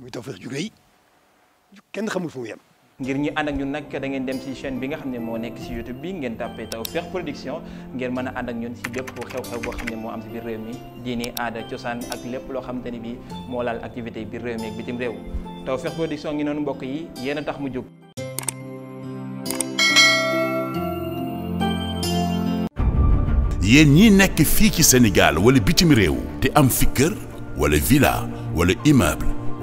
muy Tawfekh ju rëy kenn xamul fu mu yem. ngir ñi ànd ak ñun nag da ngeen dem ci chaine bi nga xam ne moo nekk ci YouTube bi ngeen tàppee Tawfekh Production ngeen mën a ànd ak ñun ci bépp xew-xew boo xam ne moo am ci biir réew mi diini aada cosaan ak lépp loo xamante ni bi moo laal activité biir réew mi ak bitim réew Tawfekh Production ngi noonu mbokk yi yéen a tax mu jóg. yéen ñii nekk fii ci Sénégal wala bitim réew te am fi wala villa wala immeuble.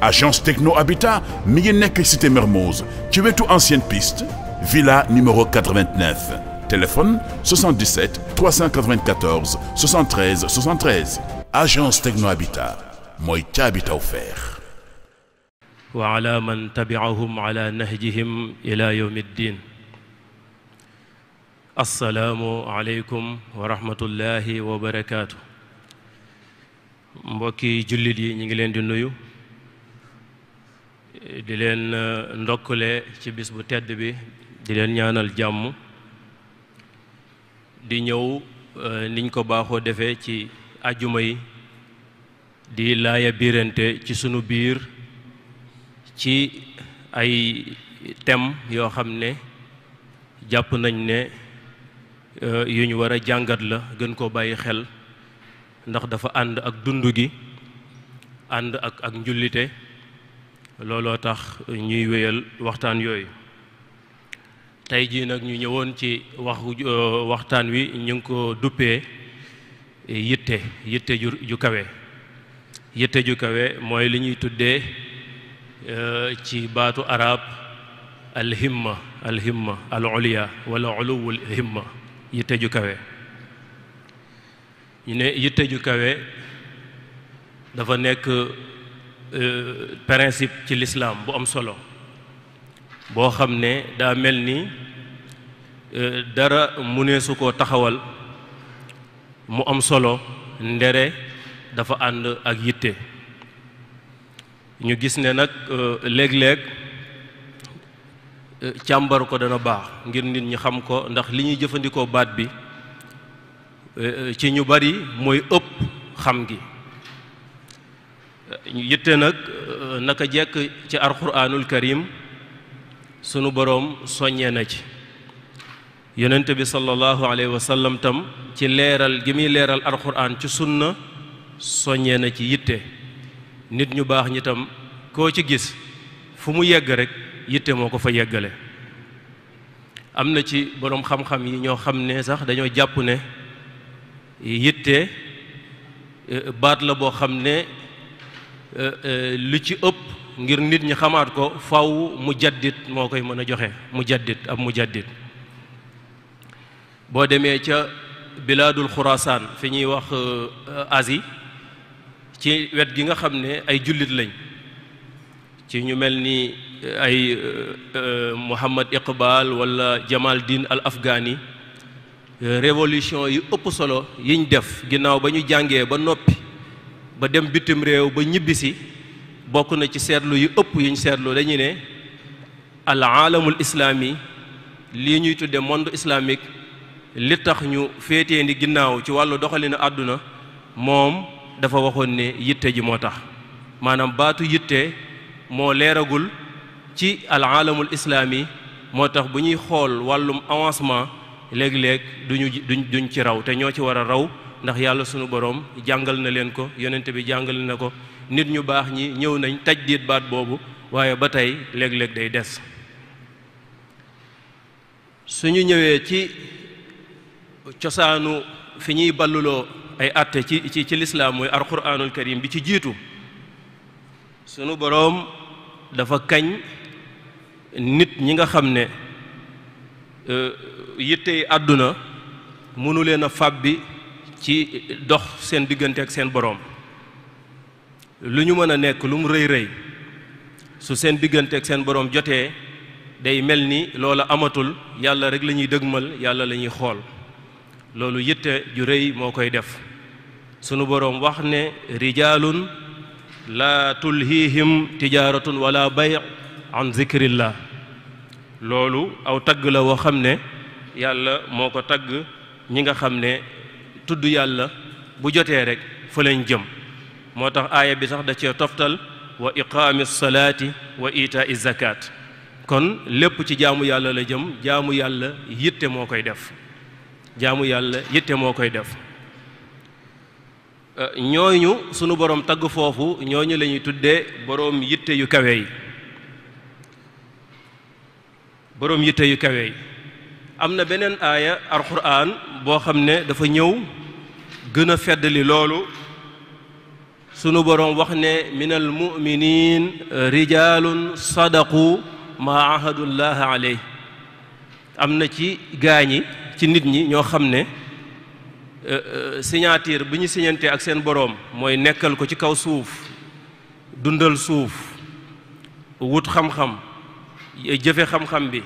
agence techno habitat mi ngi nekk cité Mermoz ci wetu ancienne piste villa numéro 89 téléphone 77 394 73 73 agence techno habitat mooy ca habitat offert wa ala man tabi'ahum ala nahjihim ila yawmi ddin assalaamu aleykum wa rahmatullahi wa barakaatu mbokki jullit yi ñu ngi leen di nuyu di leen euh, ndokkule ci bis bu tedd bi di leen ñaanal jàmm di ñëw euh, niñ ko baaxoo defee ci ajjuma yi di laaya biirante ci sunu biir ci ay thème yoo xam ne jàpp nañ ne euh, yu ñu war a jàngat la gën koo bàyyi xel ndax dafa ànd ak dund gi ànd ak ak njullite looloo tax ñuy wéyal waxtaan yooyu tey jii nag ñu ñëwoon ci wax euh, waxtaan wi ñu ngi ko duppee yitte yitte ju kawe yitte ju kawe mooy li ñuy tuddee euh, ci baatu araab alhimma alhimma al uliya wala uluwul himma yitte ju kawe ñu ne yitte ju kawe dafa nekk Euh, principe ci lislaam bu am solo boo xam ne daa mel ni euh, dara mu ne koo taxawal mu am solo ndere dafa ànd ak yitte ñu gis ne nag euh, léeg-léeg càmbar ko dana baax ngir nit ñi xam ko ndax li ñuy jëfandikoo baat bi ci ñu bari mooy ëpp xam gi ñu yitte nag euh, naka jekk ci alxuraanul karim sunu boroom soññee na ci yonent bi sallallahu alayhi wa sallam tam ci leeral gi muy leeral alxuraan ci sunna soññee na ci yitte nit ñu baax ñi tam koo ci gis fu mu yegg rek yitte moo ko fa yeggale am na ci boroom xam-xam yi ñoo xam ne sax dañoo jàpp ne yitte euh, baat la boo xam ne Euh, euh, lu ci ëpp ngir nit ñi xamaat ko faw mu jaddit moo koy mën a joxe mu jaddit ab mu jaddit boo demee ca bilaadul xuraasaan fi ñuy wax euh, asi ci wet gi nga xam ne ay jullit lañ ci ñu mel ni ay Muhammad Iqbal wala Jamal Din al Afghani révolution yi ëpp solo yiñ def ginnaaw ba ñu jàngee ba noppi ba dem bitim réew ba ñibbisi bokk na ci seetlu yu ëpp yuñ seetlu dañu ne al aalamul islaami lii ñuy tudde monde islamique li tax ñu féete ni ginnaaw ci wàllu doxalinu àdduna moom dafa waxoon ne yitte ji moo tax maanaam baatu yitte moo leeragul ci alaalamul islaami moo tax bu ñuy xool wàllum avancement léeg-léeg duñu duñ duñ ci raw te ñoo ci war a raw ndax yàlla sunu boroom jàngal na leen ko yonent bi jàngal na ko nit ñu baax ñi ñëw nañ tajdiid baat boobu waaye ba tey léeg-léeg day des suñu ñëwee ci cosaanu fi ñuy balluloo ay àtte ci ci ci lislaam mooy alquraanul karim bi ci jiitu sunu boroom dafa kañ nit ñi nga xam ne euh, yittey àdduna mënu fàbbi ci dox seen diggante ak seen boroom lu ñu mën a nekk lu mu rëy rëy su seen diggante ak seen boroom jotee day mel ni loola amatul yàlla rek lañuy ñuy dëgmal yàlla lañuy xool loolu yitte ju rëy moo koy def sunu boroom wax ne rijaalun laa tulhiihim tijaaratun wala bay an zikrillah loolu aw tagg la woo xam ne yàlla moo ko tagg ñi nga xam ne tudd yàlla bu jotee rekk fa lañ jëm moo tax aaya bi sax da cee toftal wa iqaami salaati wa itaa zakat kon lépp ci jaamu yàlla la jëm jaamu yàlla yitte moo koy def jaamu yàlla yitte moo koy def euh, ñooñu sunu borom tagg foofu ñooñu la ñuy tuddee boroom yitte yu kawe yi boroom yitte yu kawe yi am na beneen aaya alxuraan boo xam ne dafa ñëw gën a feddali loolu sunu boroom wax ne minal mu'miniin rijaalun sadaqu ma ahadullaha aley am na ci gaañi ci nit ñi ñoo xam ne euh, euh, signature bi ñu signante ak seen boroom mooy nekkal ko ci kaw suuf dundal suuf wut xam-xam jëfe xam-xam bi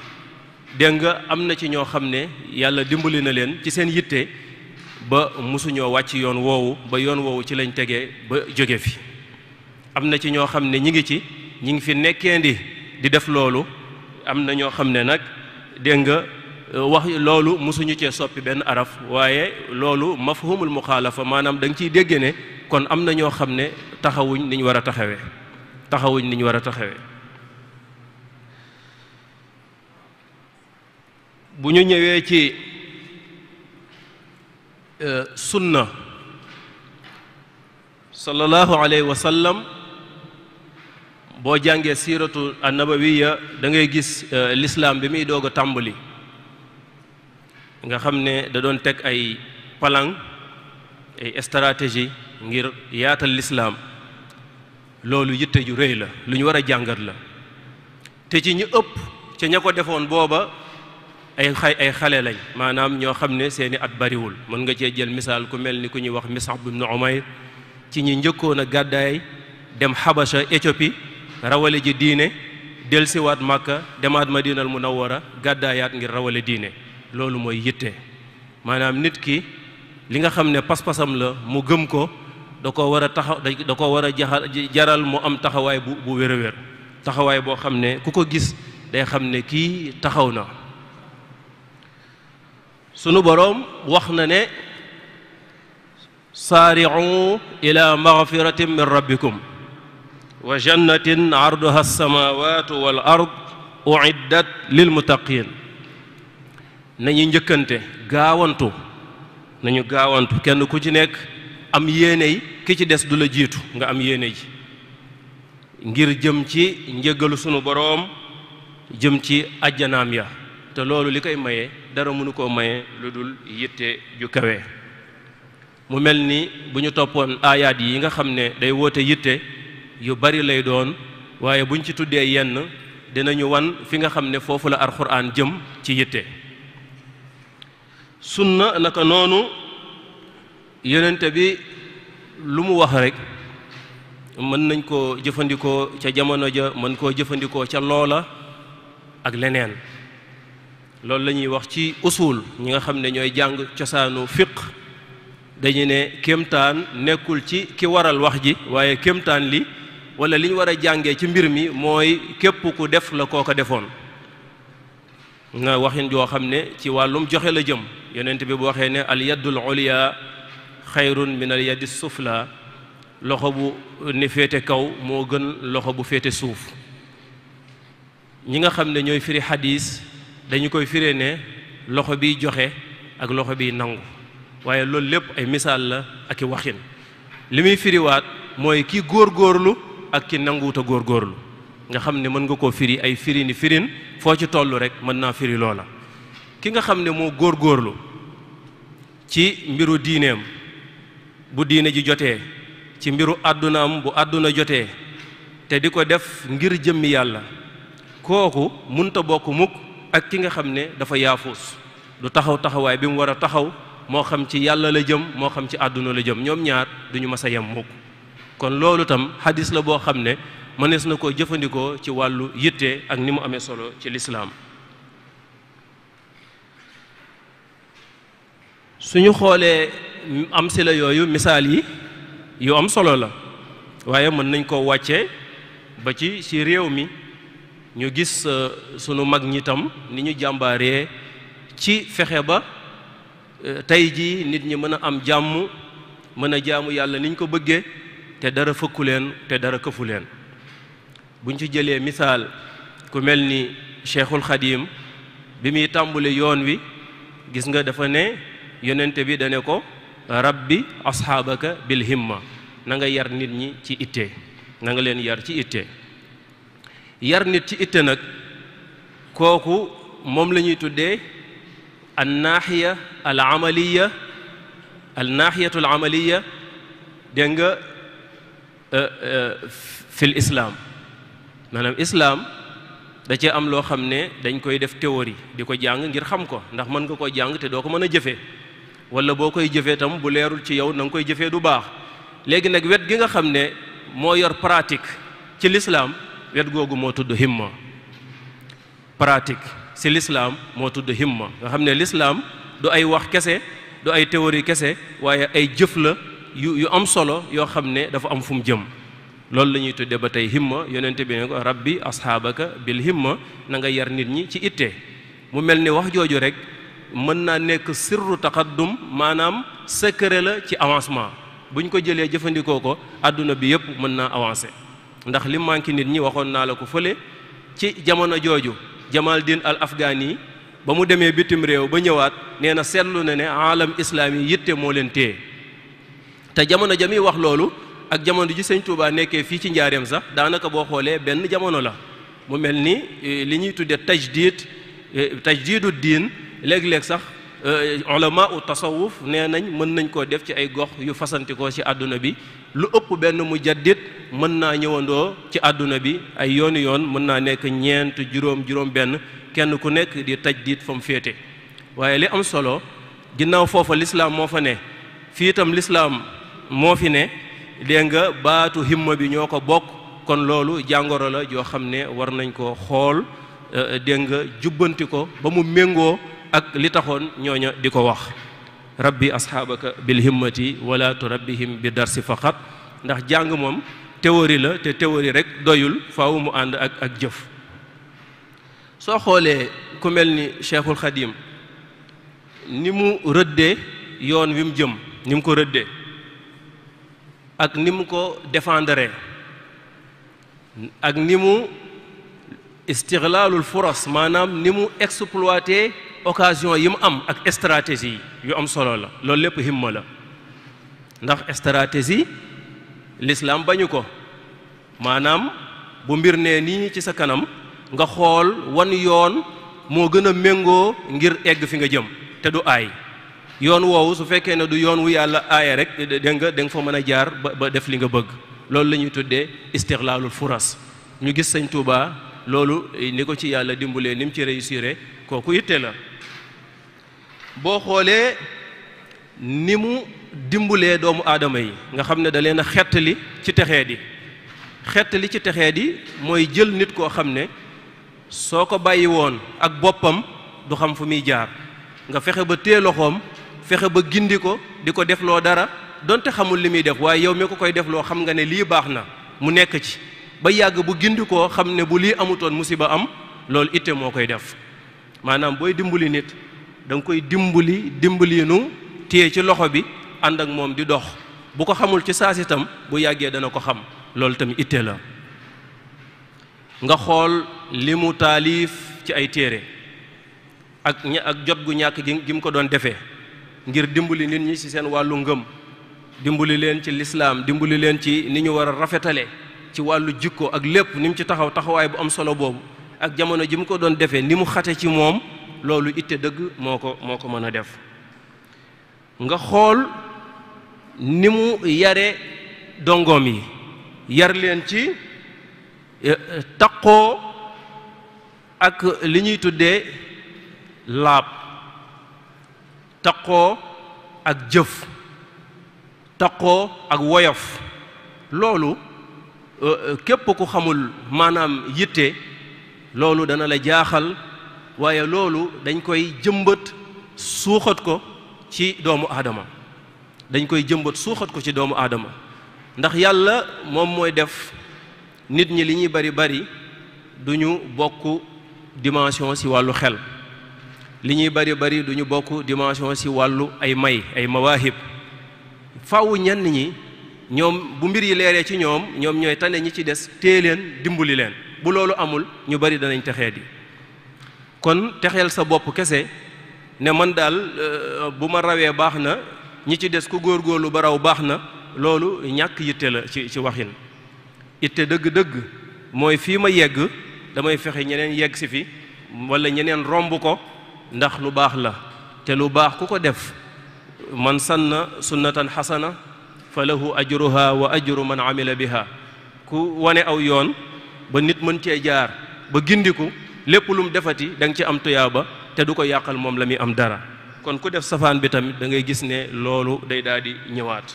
dégg nga am na ci ñoo xam ne yàlla dimbali na leen ci seen yitte ba mosuñoo wàcc yoon woowu ba yoon woowu ci lañ tege ba jóge fi am na ci ñoo xam ne ñi ngi ci ñi ngi fi nekkendi di def loolu am na ñoo xam ne nag dégg nga wax loolu mosuñu cee soppi benn araf waaye loolu mafhumul muxaalafa maanaam danga ciy dégg ne kon am na ñoo xam ne taxawuñ ni ñu war a taxawee taxawuñ ni ñu war a taxawee bu ñu ñëwee ci euh, sunna sallallahu alayhi wa sallam boo jàngee siiratu annabawiya dangay gis euh, lislaam bi muy doog a tàmbali nga xam ne da doon teg ay palang ay stratégie ngir yaatal lislaam loolu yitte ju réy la lu ñu war a jàngat la te ci ñu ëpp ca ña ko defoon booba ay ay xale lañ maanaam ñoo xam ne seeni at bariwul mën nga cee jël misaal ku mel ni ku ñuy wax Mus'ab ibn Umayr ci ñi njëkkoon a gàddaay dem Xabasha Éthiopie rawale ji diine delsiwaat Màkka demaat ma Madinal Munawwara gàddaayaat ngir rawale diine loolu mooy yitte maanaam nit ki li nga xam ne pas-pasam la mu gëm ko da ko war a taxaw da ko war a jaral mu am taxawaay bu bu wér a wér taxawaay boo xam ne ku ko gis day xam ne kii taxaw na sunu boroom wax na ne saari'u ila maghfiratin min rabbikum wa jannatin arduha as-samawatu wal ard u'iddat lil muttaqin nañu njëkkante gaawantu nañu gaawantu kenn ku ci nekk am yéene yi ki ci des du la jiitu nga am yéene ji ngir jëm ci njëgalu sunu borom jëm ci ajjanaam ya te loolu li koy maye dara mënu koo maye lu dul yitte ju kawe. mu mel ni bu ñu toppoon aayaat yi nga xam ne day woote yitte yu bari lay doon waaye buñ ci tuddee yenn dinañu wan fi nga xam ne foofu la alxuraan jëm ci yitte sunna naka noonu yonente bi lu mu wax rek mën nañ koo jëfandikoo ca jamono ja mën koo jëfandikoo ca loola ak leneen loolu la ñuy wax ci usul ñi nga xam ne ñooy jàng cosaanu fiq dañu ne kéemtaan nekkul ci ki waral wax ji waaye kéemtaan li wala liñ ñu war a jàngee ci mbir mi mooy képp ku def la koo ko defoon nga waxin joo xam ne ci wàllum joxe la jëm yonent bi bu waxee ne al yaddul ulya xayrun min al yaddi loxo bu ni féete kaw moo gën loxo bu féete suuf ñi nga xam ne ñooy firi xadiis dañu koy firee ne loxo biy joxe ak loxo biy nangu waaye loolu lépp ay misaal la ak waxin li muy firiwaat mooy ki góorlu ak ki nanguwut góor góorlu nga xam ne mën nga koo firi ay firi ni firin foo ci toll rek mën naa firi loola ki nga xam ne moo góor góorlu ci mbiru diineem bu diine ji jotee ci mbiru àddunaam bu àdduna jotee te di ko def ngir jëmmi yàlla kooku munta bokk mukk ak ki nga xam ne dafa yaafuus du taxaw taxawaay bi mu war a taxaw moo xam ci yàlla la jëm moo xam ci àdduna la jëm ñoom ñaar duñu mas a yem mukk kon loolu tam xadis la boo xam ne mënees na koo jëfandikoo ci wàllu yitte ak ni mu amee solo ci lislaam suñu xoolee am si la yooyu misaal yi yu am solo la waaye mën nañ koo wàccee ba ci ci réew mi ñu gis euh, sunu mag ñi ni ñu jàmbaaree ci fexe ba euh, tey jii nit ñi mën a am jàmm mën a jaamu yàlla niñ ko bëggee te dara fëkku leen te dara këfu leen buñ ci jëlee misaal ku mel ni cheikhul xadim bi muy tàmbali yoon wi gis nga dafa ne yonente bi dane ko rabbi asxaabaka bil himma nanga yar nit ñi ci ite na nga leen yar ci ite yar nit ci itte nag kooku moom lañuy tuddee al naaxiya al amaliya al naaxiyatu al dégg nga euh, euh, fil islaam maanaam islaam da cee am loo xam ne dañ koy def théorie di ko jàng ngir xam ko ndax mën nga ko jàng te doo ko mën a jëfee wala boo koy jëfee tam bu leerul ci yow na koy jëfee du baax léegi nag wet gi nga xam ne moo yor pratique ci lislaam wet googu moo tudd himma pratique si lislaam moo tudd himma nga xam ne lislaam du ay wax kese du ay théorie kese waaye ay jëf la yu yu am solo yoo xam ne dafa am fu mu jëm loolu la ñuy tuddee ba tey himma yonente bi ne ko rabbi asxaabaka bil himma na nga yar nit ñi ci itte mu mel ni wax jooju rek mën naa nekk sirru taqaddum maanaam secret la ci avancement bu ñu ko jëlee jëfandikoo ko àdduna bi yëpp mën naa avancer ndax li manqué nit ñi waxoon naa la ko fële ci jamono jooju Jamal Din al Afghani ba mu demee bitim réew ba ñëwaat nee na seetlu na ne alam yi yitte moo leen téye te jamono ja muy wax loolu ak jamono ji sëñ Touba nekkee fii ci njaareem sax daanaka boo xoolee benn jamono la mu mel ni eh, li ñuy tuddee tajdid eh, tajdidu diin léeg-léeg sax eh, ulama u tasawuf nee nañ mën nañ koo def ci ay gox yu fasantikoo ci àdduna bi lu ëpp benn mujaddid mën naa ñëwandoo ci àdduna bi ay yoonu yoon mën naa nekk ñeent juróom juróom benn kenn ku nekk di tajdiid fa mu féete waaye li am solo ginnaaw foofa lislaam moo fa ne fii itam lislaam moo fi ne dénga nga baatu himma bi ñoo ko bokk kon loolu jàngoro la joo xam ne war nañ ko xool euh, dégg nga jubbanti ko ba mu méngoo ak li taxoon ñooña di ko wax rabbi asxaabaka bilhimmati wala turabbihim bi darsi faqat ndax jàng moom théorie la te théorie rek doyul faaw mu ànd ak ak jëf soo xoolee ku mel ni cheikhul xadim ni mu rëddee yoon wi mu jëm ni mu ko rëddee ak ni mu ko défendre ak ni mu istiglaalul furas maanaam ni mu exploité occasion yi mu am ak stratégie yu am solo la loolu lépp himma la ndax stratégie lislaam bañu ko maanaam bu mbir nee nii ci sa kanam nga xool wan yoon moo gën a méngoo ngir egg fi nga jëm te du aay yoon woowu su fekkee ne du yoon wu yàlla aaya rek dégg danga da fa mën a jaar ba ba def li nga bëgg loolu la ñuy tuddee istixlaalul furas ñu gis sañ Touba loolu eh, ni ko ci yàlla dimbalee ni mu ci réussiré kooku itte la boo xoolee ni mu dimbulee doomu aadama yi nga xam ne da leen a xettali ci texee di li ci texee di mooy jël nit koo xam ne soo ko bàyyi woon ak boppam du xam fu muy jaar nga fexe ba tée loxoom fexe ba gindi ko di ko defloo dara donte xamul li muy def waaye yow mi ko koy loo xam nga ne lii baax na mu nekk ci ba yàgg bu gindi koo xam ne bu lii amutoon musiba am loolu itte moo koy def maanaam booy dimbali nit danga koy dimbali dimbali nu téye ci loxo bi ànd ak moom di dox bu ko xamul ci saas itam bu yàggee dana ko xam loolu tamit ittee la nga xool li mu taalif ci ay téere ak ña ak jot gu ñàkk gi gi mu ko doon defee ngir dimbali nit ñi ci seen wàllu ngëm dimbali leen ci lislaam dimbali leen ci ni ñu war a rafetale ci wàllu jikko ak lépp ni mu ci taxaw taxawaay bu am solo boobu ak jamono ji mu ko doon defee ni mu xate ci moom loolu ite dëgg moo ko moo ko mën a def nga xool ni mu yare dongoom yi yar leen ci eh, taqoo ak li ñuy tuddee laab taqoo ak jëf taqoo ak woyof loolu eh, eh, képp ku xamul maanaam yitte loolu dana la jaaxal waaye loolu dañ koy jëmbat suuxat ko ci doomu aadama dañ koy jëmbat suuxat ko ci doomu aadama ndax yàlla moom mooy def nit ñi li ñuy bari bari du ñu bokk dimension ci wàllu xel li ñuy bari bari du bokk dimension ci wàllu ay may ay mawaahib faaw ñenn ñi ñoom bu mbir yi leeree ci ñoom ñoom ñooy tane ñi ci des tée leen dimbali leen bu loolu amul ñu bari danañ texee di kon texeel sa bopp kese ne man daal euh, bu ma rawee baax na ñi ci des ku góorgóorlu ba raw baax na loolu ñàkk yitte la ci waxin itte dëgg-dëgg mooy fii ma yegg damay fexe ñeneen yegg si fi walla ñeneen romb ko ndax lu baax la te lu baax ku ko def man sanna sunnatan xasana fa lahu ajruha wa ajru man amila biha ku wane aw yoon ba nit mën cee jaar ba gindiku lépp lu mu defati da nga ci am tuyaaba te du ko yàqal moom la muy am dara kon ku def safaan bi tamit da ngay gis ne loolu day daal di ñëwaat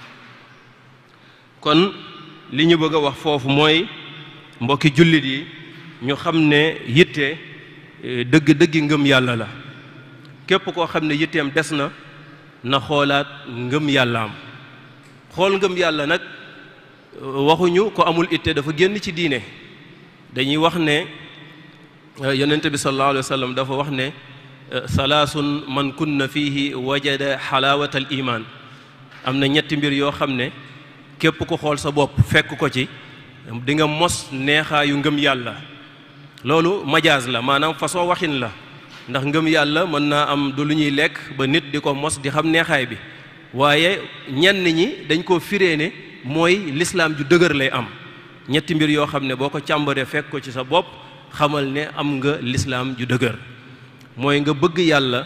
kon li ñu bëgg a wax foofu mooy mbokki jullit yi ñu xam ne yitte e, dëgg-dëggi ngëm yàlla la képp koo xam ne yitteem des na na xoolaat ngëm yàllaam xool ngëm yàlla nag e, waxuñu ko amul itte dafa génn ci diine dañuy wax ne Euh, yonente bi sallallahu alayhi wa sallam dafa wax ne euh, salaasun man kunna fiihi wajada xalaawata al iman am na ñetti mbir yoo xam ne képp ko xool sa bopp fekk ko ci dinga mos neexaayu ngëm yàlla loolu majaas la maanaam façon waxin la ndax ngëm yàlla mën naa am du lu ñuy lekk ba nit di ko mos di xam neexaay bi waaye ñenn ñi dañ koo firee ne mooy lislaam ju dëgër lay am ñetti mbir yoo xam ne boo ko càmbaree fekk ko ci sa bopp xamal ne am nga lislaam ju dëgër mooy nga bëgg yàlla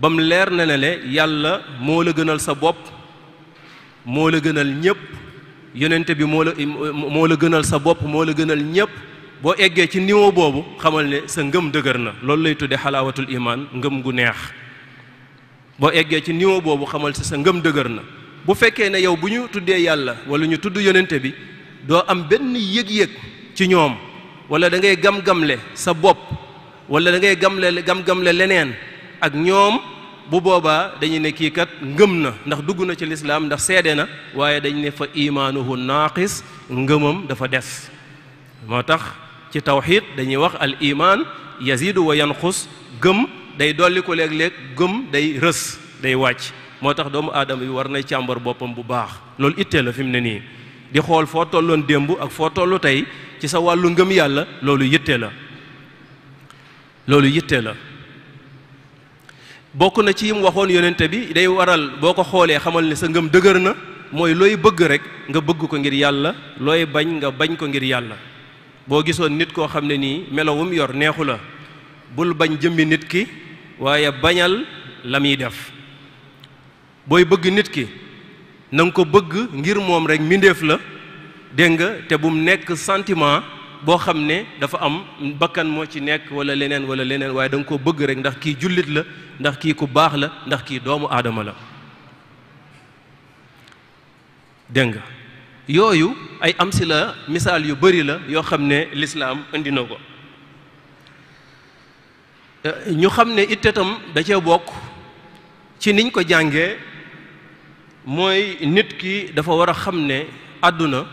bam leer na ne le yàlla moo la gënal sa bopp moo la gënal ñëpp yonente bi moo la gënal sa bopp moo la gënal ñëpp boo eggee ci niveau boobu xamal ne sa ngëm dëgër na loolu lay tuddee xalaawatul imaan ngëm gu neex boo eggee ci niveau boobu xamal si sa ngëm dëgër na bu fekkee ne yow bu ñu tuddee yàlla wala ñu tudd yonente bi doo am benn yëg-yëg ci ñoom wala da ngay gam-gamle sa bopp wala dangay ngay gam-gamle leneen ak ñoom bu boobaa dañu ne kii kat ngëm na ndax dugg na ci lislaam ndax seede na waaye dañu ne fa imaanuhu naaqis ngëmam dafa des moo tax ci tawxiid dañuy wax al imaan yazidu wa yanqus gëm day dolli ko léeg-léeg gëm day rës day wàcc moo tax doomu aadama bi war nay càmbar boppam bu baax loolu ittee la fi mu ne nii di xool foo tolloon démb ak foo tollu tey ci sa wàllu ngëm yàlla loolu yitte la loolu yitte la bokk na ci yim waxoon yonente bi day waral boo ko xoolee xamal ne sa ngëm dëgër na mooy looy bëgg rek nga bëgg ko ngir yàlla looy bañ nga bañ ko ngir yàlla boo gisoon nit koo xam ne nii melowum yor neexu la bul bañ jëmmi nit ki waaye bañal la muy def booy bëgg nit ki na ko bëgg ngir moom rek mbindeef la dégg nga te bu mu nekk sentiment boo xam ne dafa am bakkan moo ci nekk wala leneen wala leneen waaye danga nga koo bëgg rek ndax kii jullit la ndax kii ku baax la ndax kii doomu aadama la dégg nga yooyu ay am si la misaal yu bari la yoo xam ne lislaam indi na ko ñu xam ne ittetam da cee bokk ci niñ ko jàngee mooy nit ki dafa war a xam ne àdduna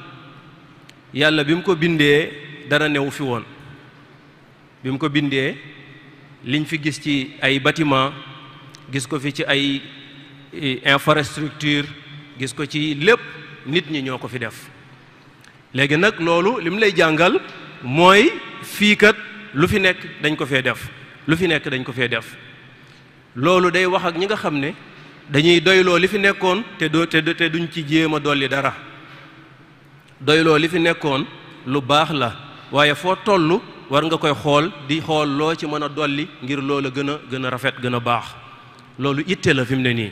yàlla bi mu ko bindee dara newu fi woon bi mu ko bindee liñ fi gis ci ay bâtiment gis ko fi ci ay infrastructure gis ko ci lépp nit ñi ñoo ko fi def léegi nag loolu li mu lay jàngal mooy fii kat lu fi nekk dañ ko fee def lu fi nekk dañ ko fee def loolu day wax ak ñi nga xam ne dañuy doyloo li fi nekkoon te doo te duñ ci jéem a dolli dara doyloo li fi nekkoon lu baax la waaye foo tollu war nga koy xool di xool loo ci mën a dolli ngir loola gën a gën a rafet gën a baax loolu itte la fi mu ne nii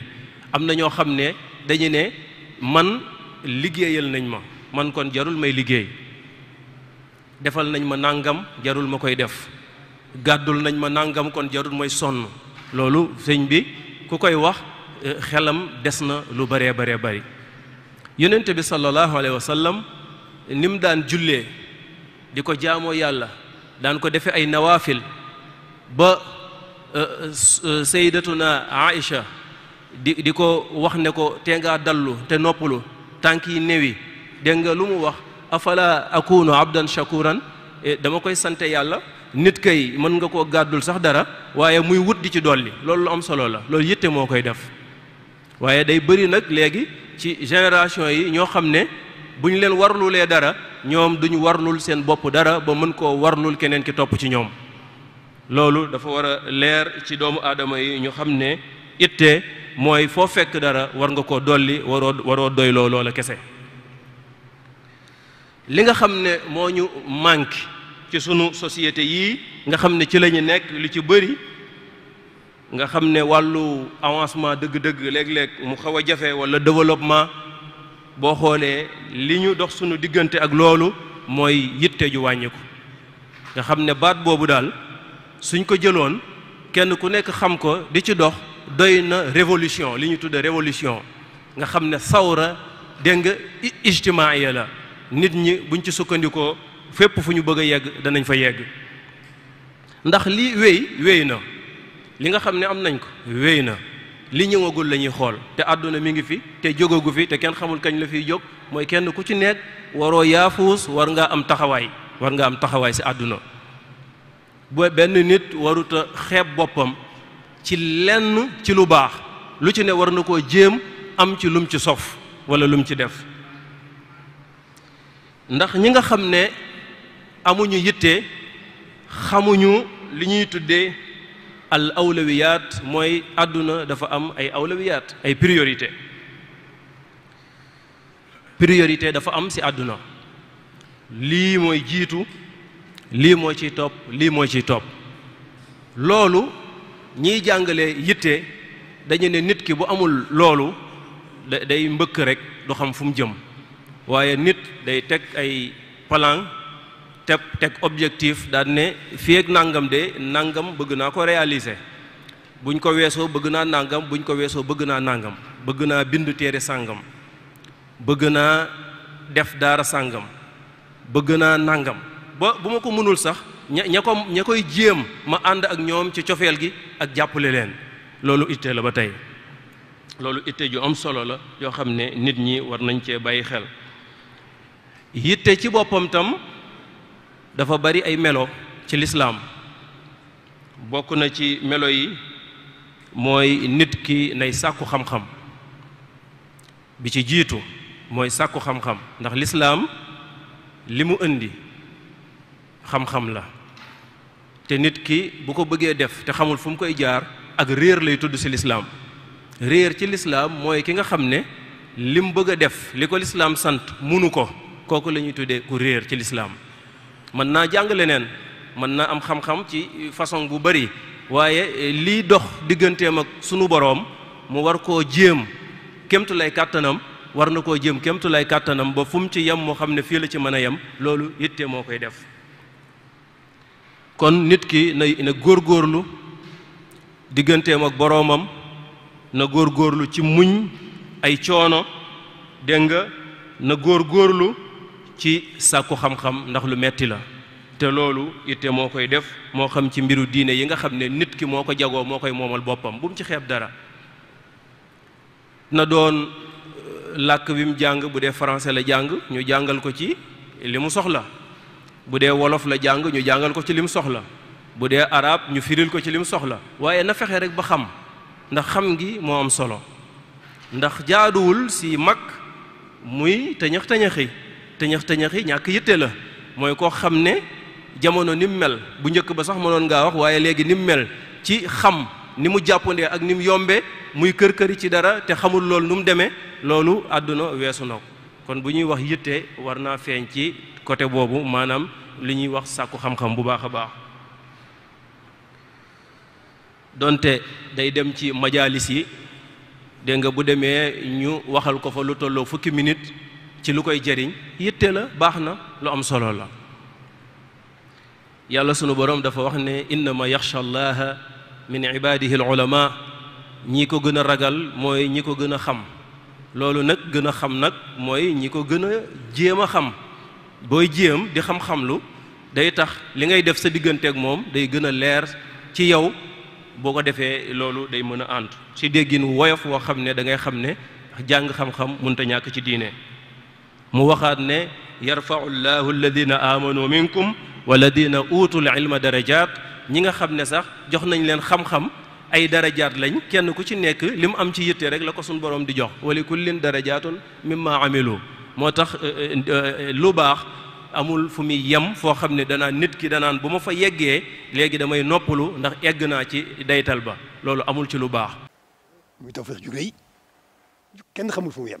am na ñoo xam ne dañu ne man liggéeyal nañ ma man kon jarul may liggéey defal nañ ma nangam jarul ma koy def gàddul nañ ma nangam kon jarul mooy sonn loolu sëñ bi ku koy wax eh, xelam des na lu baree baree bari yonent bi sallallahu alayhi wa sallam ni mu daan jullee di ko jaamoo yàlla daan ko defe ay nawaafil ba euh, euh, sayyidatuna Aïcha di di ko wax ne ko te ngaa dallu te noppalu tànk yi newi dégg nga lu mu wax afala akunu abdan shakuran eh, dama koy sante yàlla nit kay mën nga koo gàddul sax dara waaye muy wut di ci dolli loolu lu am solo la loolu yitte moo koy def waaye day bëri nag léegi ci génération yi ñoo xam ne bu ñu leen warlulee dara ñoom duñu warlul seen bopp dara ba mën koo warlul keneen ki topp ci ñoom loolu dafa war a leer ci doomu aadama yi ñu xam ne itte mooy foo fekk dara war nga koo dolli waroo waroo doyloo loola kese li nga xam ne moo ñu manque ci sunu société yii nga xam ne ci la ñu nekk lu ci bëri nga xam ne wàllu avancement dëgg-dëgg léeg-léeg mu xaw a jafe wala développement boo xoolee li ñu dox sunu diggante ak loolu mooy yitte ju wàññiku nga xam ne baat boobu daal suñ ko jëloon kenn ku nekk xam ko di ci dox doy na révolution li ñu tudde révolution nga xam ne sawra dégg nga ijtimaaya la nit ñi buñ ci sukkandikoo fépp fu ñu bëgg a yegg danañ fa yegg ndax li wéy wéy na li nga xam ne am nañ ko wéy na li ñëwagul lañuy xool te àdduna mi ngi fi te jógagu fi te kenn xamul kañ la fiy jóg mooy kenn ku ci nekk waroo yaafuus war ngaa am taxawaay war ngaa am taxawaay si àdduna bu benn nit waruta xeeb boppam ci lenn ci lu baax lu ci ne war na koo jéem am ci lum ci sof wala lum ci def ndax ñi nga xam ne amuñu yitte xamuñu li ñuy tuddee al awlawiyaat mooy àdduna dafa am ay awlawiyaat ay priorité priorité dafa am si àdduna lii mooy jiitu lii moo ciy topp lii moo ciy topp loolu ñiy jàngale yitte dañu ne nit ki bu amul loolu day mbëkk rek du xam fu mu jëm waaye nit day teg ay plan te teg objectif daan ne fii ak nangam de nangam bëgg naa ko réaliser buñ ko weesoo bëgg naa nangam buñ ko weesoo bëgg naa nangam bëgg naa bind téere sàngam bëgg naa def daara sàngam bëgg naa nangam ba bu ma ko mënul sax ña ko ña koy jéem ma ànd ak ñoom ci cofeel gi ak jàppale leen loolu itte la ba tey loolu itte ju am solo la yoo xam ne nit ñi war nañ cee bàyyi xel yitte ci boppam tam dafa bari ay melo ci lislaam bokk na ci melo yi mooy nit ki nay sàkku xam-xam bi ci jiitu mooy sàkku xam-xam ndax lislaam li mu indi xam-xam la te nit ki bu ko bëggee def te xamul fu mu koy jaar ak réer lay tudd ci lislaam réer ci lislaam mooy ki nga xam ne lim bëgg a def li ko lislaam sant munu ko kooku la ñuy tuddee ku réer ci lislaam mën naa jàng leneen mën naa am xam-xam ci façon bu bari waaye eh, lii dox digganteem ak sunu boroom mu war koo jéem kémtu lay kàttanam war na koo jéem kémtu lay kàttanam ba fum ci yam moo xam ne fii la ci mën a yem loolu yitte moo koy def kon nit ki na na góorgóorlu digganteem ak boroomam na góor góorlu ci muñ ay coono dégg nga na góorlu ci sàkku xam-xam ndax lu metti la te loolu ite moo koy def moo xam ci mbiru diine yi nga xam ne nit ki moo ko jagoo moo koy moomal boppam bu mu ci xeeb dara na doon euh, làkk bi mu jàng bu dee français la jàng ñu jàngal ko ci li mu soxla bu dee wolof la jàng ñu jàngal ko ci li mu soxla bu dee arab ñu firil ko ci li mu soxla waaye na fexe rek ba xam ndax xam ngi moo am solo ndax jaaduwul si mag muy tëñëx tëñëxi tëñëx tëñëx ñàkk yitte la mooy koo xam ne jamono ni mu mel bu njëkk ba sax monoon ngaa wax waaye léegi ni mu mel ci xam ni mu jàppandee ak ni mu yombee muy kër këri ci dara te xamul loolu nu mu demee loolu àdduna weesu na ko kon bu ñuy wax yitte war naa feeñ ci côté boobu maanaam li ñuy wax sàkku xam-xam bu baax a baax donte day dem ci majalis yi dégg nga bu demee ñu waxal ko fa lu tolloo fukki minit ci lu koy jariñ yitte la baax na lu am solo la yàlla sunu boroom dafa wax ne innama yaxsha allaha min ibadihi al ulama ñi ko gën a ragal mooy ñi ko gën a xam loolu nag gën a xam nag mooy ñi ko gën a jéem a xam booy jéem di xam-xam lu day tax li ngay def sa diggante ak moom day gën a leer ci yow boo ko defee loolu day mën a ànd ci déggin woyof woo xam ne dangay xam ne jàng xam-xam mënta ñàkk ci diine mu waxaat ne yarfau llahu alladina amanu minkum walladina utul ilma darajat ñi nga xam ne sax jox nañ leen xam-xam ay darajaat lañ kenn ku ci nekk li mu am ci yitte rek la ko suñ borom di jox wali kullin darajatun mimma amilu moo tax euh, euh, euh, lu baax amul fu muy yem foo xam ne danaa nit ki danaan bu ma fa yeggee léegi damay noppalu ndax egg naa ci daytal ba loolu amul ci lu baax muy tawfeex ju kenn xamul fu mu yem